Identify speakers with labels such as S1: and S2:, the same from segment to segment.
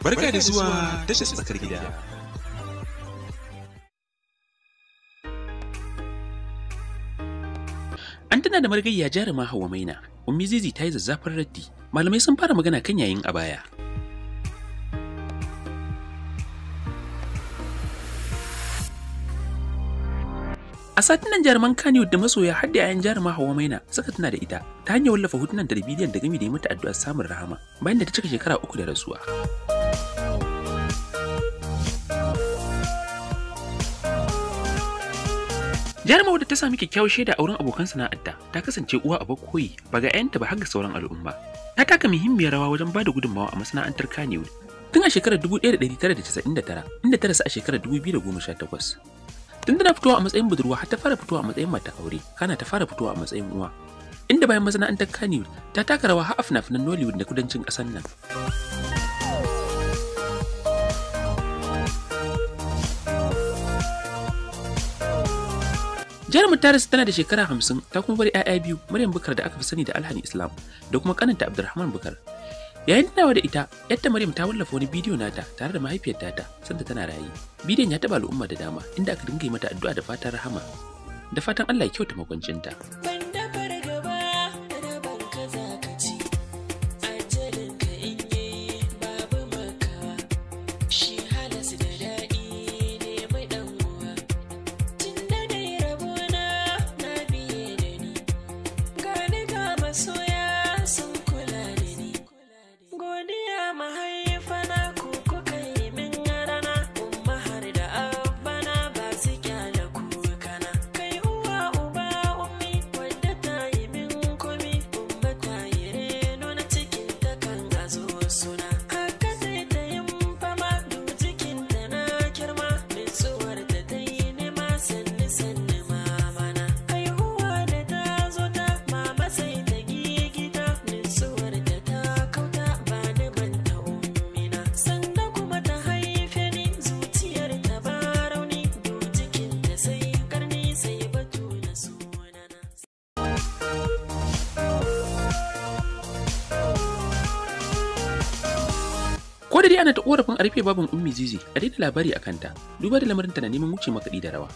S1: Barka da zuwa tashar tsakar gida. An tana da margayya jaruma hawa Maina, Ummi Zizi ta yi zazzafin raddi. Malamai sun fara magana kan yayin a baya. A satin jaruman Kannywood da masoya har da 'ya'yan jaruma Hauwa Maina suka tuna da ita ta hanyar wallafa hutunan da da gami da yi mata addu'ar samun rahama bayan da ta cika shekara uku da rasuwa. Jaruma da ta sami kyakkyawar shaida a wurin abokan sana'arta ta kasance uwa a bakoyi ba ga 'yanta ba har ga sauran al'umma. Ta taka muhimmiyar rawa wajen ba da gudunmawa a masana'antar Kanewu tun a shekarar 1999 inda ta rasu a shekarar 2018. Tun tana fitowa a matsayin budurwa har ta fara fitowa a matsayin mata aure, kana ta fara fitowa a matsayin uwa. Inda bayan masana'antar Kanewu ta taka rawa har a fina-finan Nollywood da kudancin ƙasar nan. Jarumin Taris tana da shekara hamsin ta kuma bari 'ya'ya biyu Maryam Bukar da aka fi sani da Alhani Islam da kuma kananta Abdulrahman Bukar. Yayin tunawa da ita, yadda Maryam ta wallafa wani bidiyo nata tare da mahaifiyar tata sanda tana raye. Bidiyon ya taɓa al'umma da dama inda aka dinga yi mata addu'a da fatan rahama da fatan Allah ya kyauta makwancinta. Ko da dai ana ta korafin a rufe babin Ummi Zizi a daina labari a kanta, duba da lamarin ta na neman wuce makaɗi da rawa.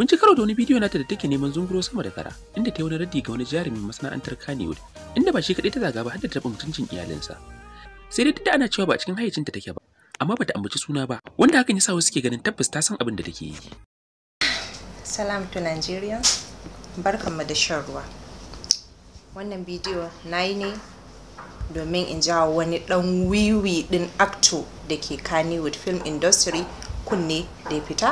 S1: Mun ci karo da wani bidiyo nata da take neman zunguro sama da kara, inda ta yi wani raddi ga wani jarumin masana'antar Kannywood, inda ba shi kaɗai ta zaga ba har da ta taɓa mutuncin iyalinsa. Sai dai duk da ana cewa ba a cikin hayyacinta take ba, amma bata ambaci suna ba, wanda hakan ya sa wasu suke ganin tabbas ta san abin da take yi.
S2: Salam to Nigeria, barkanmu da shan ruwa. Wannan bidiyo na yi ne domin in jawo wani dan wiwi din acto da ke Kannywood film industry kunne da ya fita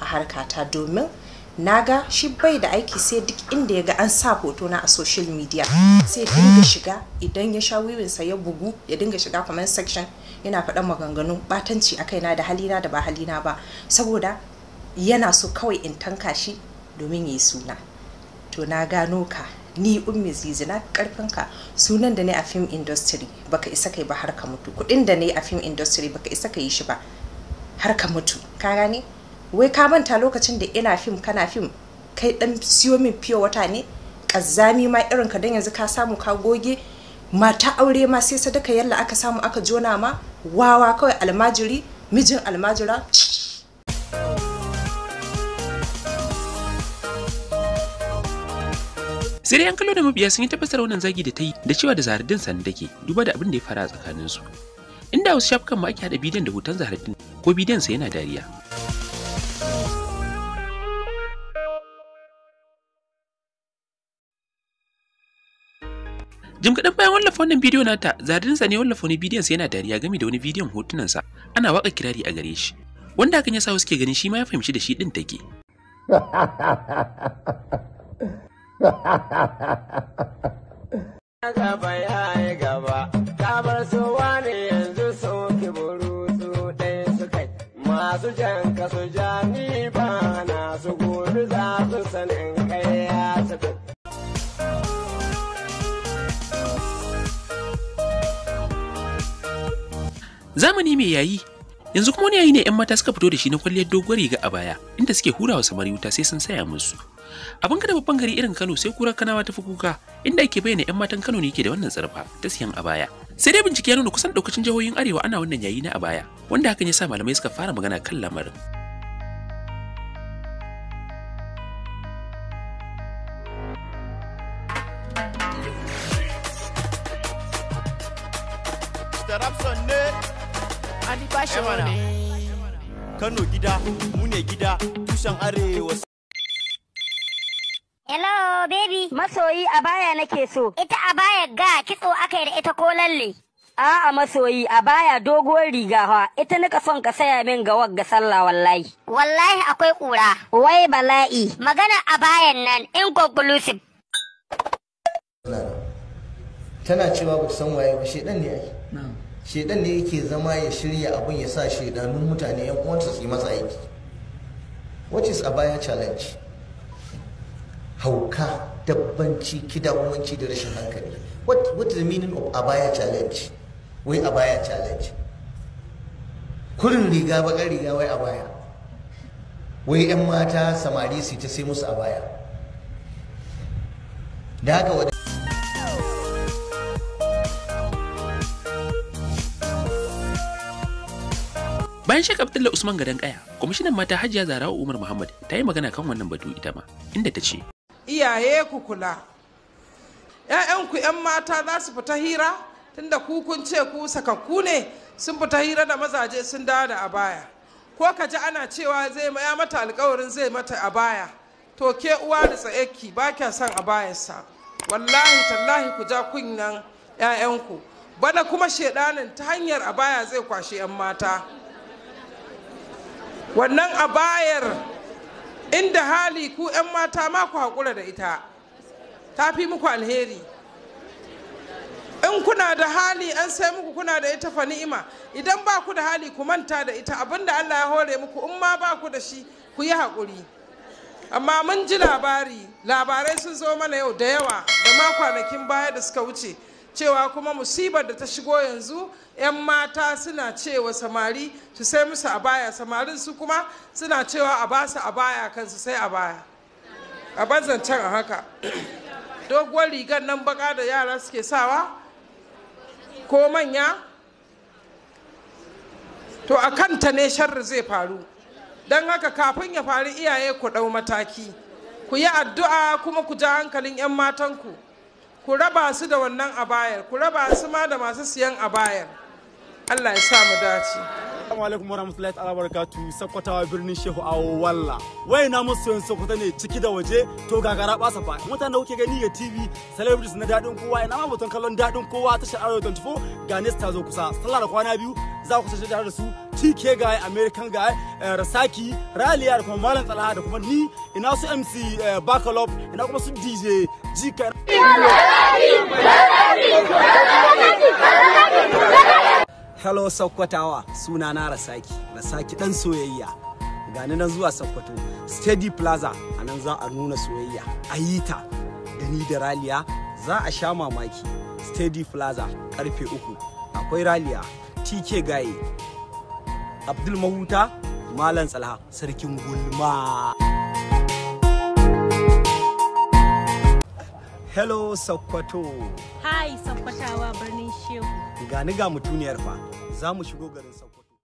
S2: a harkata domin naga shi bai da aiki sai duk inda ya ga an sa hoto na a social media sai dinga shiga idan ya sha wiwinsa ya bugu ya dinga shiga comment section yana faɗan maganganu batanci a kaina da halina da ba halina ba saboda yana so kawai in tanka shi domin ya suna to na gano ka ni ummi zizi na karfin ka sunan da ne a film industry baka isa kai ba har ka mutu kudin da ne a film industry baka isa ka shi ba har ka mutu ka gane wai ka manta lokacin da ina film kana film kai dan siyo min fiyo wata ne kazzami ma irin ka dan yanzu ka samu ka goge mata aure ma sai sadaka yalla aka samu aka jona ma wawa kawai almajiri mijin almajira sai dai an kallo da
S1: mabiya sun yi tabbatar wannan zagi da ta yi da cewa da zahardin da take duba da abin da ya fara a tsakaninsu inda wasu shafukan ma ake haɗa bidiyon da hoton zahardin ko bidiyon sa yana dariya jim kaɗan bayan wallafa wannan bidiyo nata sa ne wallafa wani bidiyon sa yana dariya game da wani bidiyon sa ana waka kirari a gare shi wanda hakan ya sa wasu ke ganin shi ma ya fahimci da shi ɗin take
S3: Gaba ya yi gaba, ta bar su wani yanzu sun kiburu su ɗaya su kai, masu jan kasu jami ba na su gobe za su sanin kai su kai.
S1: Zamani mai yayi yanzu kuma wani yayi ne 'yan mata suka fito da shi na kwalliyar doguwar riga a baya inda suke hurawa samari wuta sai sun saya musu abin da babban gari irin Kano sai kura Kanawa ta fi kuka inda ake bayyana 'yan matan Kano ne ke da wannan tsarfa ta siyan baya. Sai dai bincike ya nuna kusan daukacin jihohin Arewa ana wannan yayi na a baya wanda hakan ya sa malamai suka fara magana kan lamarin.
S2: Kano gida, mune gida, tushen arewa.
S3: baby. Masoyi abaya nake so. Ita a baya ga kitso aka yi da ita ko lalle. A'a masoyi a baya doguwar riga ha ita nika son ka saya min ga wagga sallah wallahi. Wallahi akwai ƙura. Wai bala'i. Magana a bayan nan inconclusive. Tana cewa ba san waye ba shedan ne ake. Shedan ne yake zama ya shirya abun ya sa shedanun mutane yan uwansa su yi masa aiki.
S1: What a baya challenge? hauka dabbanci kidawanci da rashin hankali what what is the meaning of abaya challenge wai abaya challenge kurin riga bakar riga wai abaya wai yan mata samari su ta sai musu abaya da haka wadda Bayan Sheikh Abdullah Usman Gadon Kaya, kwamishinan mata Hajiya zara Umar Muhammad ta yi magana kan wannan batu ita ma, inda ta ce,
S3: iyaye ku kula ‘ya'yanku ‘yan mata za su fita hira tunda ku kun ce ku sakakku ne sun fita hira da mazaje sun dawo da a baya ko ka ji ana cewa zai ya mata alkawarin zai mata a baya to ke uwa da tsayaki ba kya son a bayansa wallahi tallahi ku ja kunyan 'ya'yanku bana kuma shedanin ta hanyar a baya zai kwashe 'yan mata wannan abayar inda hali ku 'yan mata ma ku haƙura da ita ta fi muku alheri in kuna da hali an sai muku kuna da ita fa ni'ima idan ba ku da hali ku manta da ita abinda Allah ya hore muku in ma ba ku da shi ku yi haƙuri amma mun ji labari labarai sun zo mana yau da yawa da ma kwanakin baya da suka wuce cewa kuma musibar da ta shigo yanzu 'yan mata suna cewa samari su sai musu a baya samarin su kuma suna cewa a ba su a baya kansu sai a baya a bazancan a haka doguwar rigar nan baka da yara suke sawa ko manya to a kanta ne sharri zai faru don haka kafin ya faru iyaye ku ɗau mataki ku yi addu'a kuma ku ja hankalin 'yan matanku ku raba su da wannan abayar ku raba su ma da masu siyan abayar Allah ya sa mu dace
S1: Assalamu alaikum rahmatullahi ta'ala barakatu sakkwatawa birnin Shehu Awo Walla. Wai na musu yan sakkwata ne ciki da waje to gagara ba fa. Mutanen da kuke gani ga TV celebrities na dadin kowa ina ma mutan kallon dadin kowa ta sha 24 ga nesta zo kusa. Sallah da kwana biyu za ku sace da su TK guy American guy eh, Rasaki Raliya da kuma Malam Talaha da kuma ni ina su MC eh, Bakalop ina kuma su DJ dica.
S3: Hello Sokotawa sunana Rasaki Rasaki dan soyayya gani nan zuwa Sokoto Steady Plaza a nan za a nuna soyayya ayita da ni da Raliya za a sha mamaki Steady Plaza karfe uku akwai Raliya TK Gaye Abdul Mahuta Malam salha Sarkin Gulma Hello Sokoto.
S2: Hi Sokotawa birnin Shehu.
S3: Gani ga mutuniyar fa,
S1: za mu shigo garin Sokoto.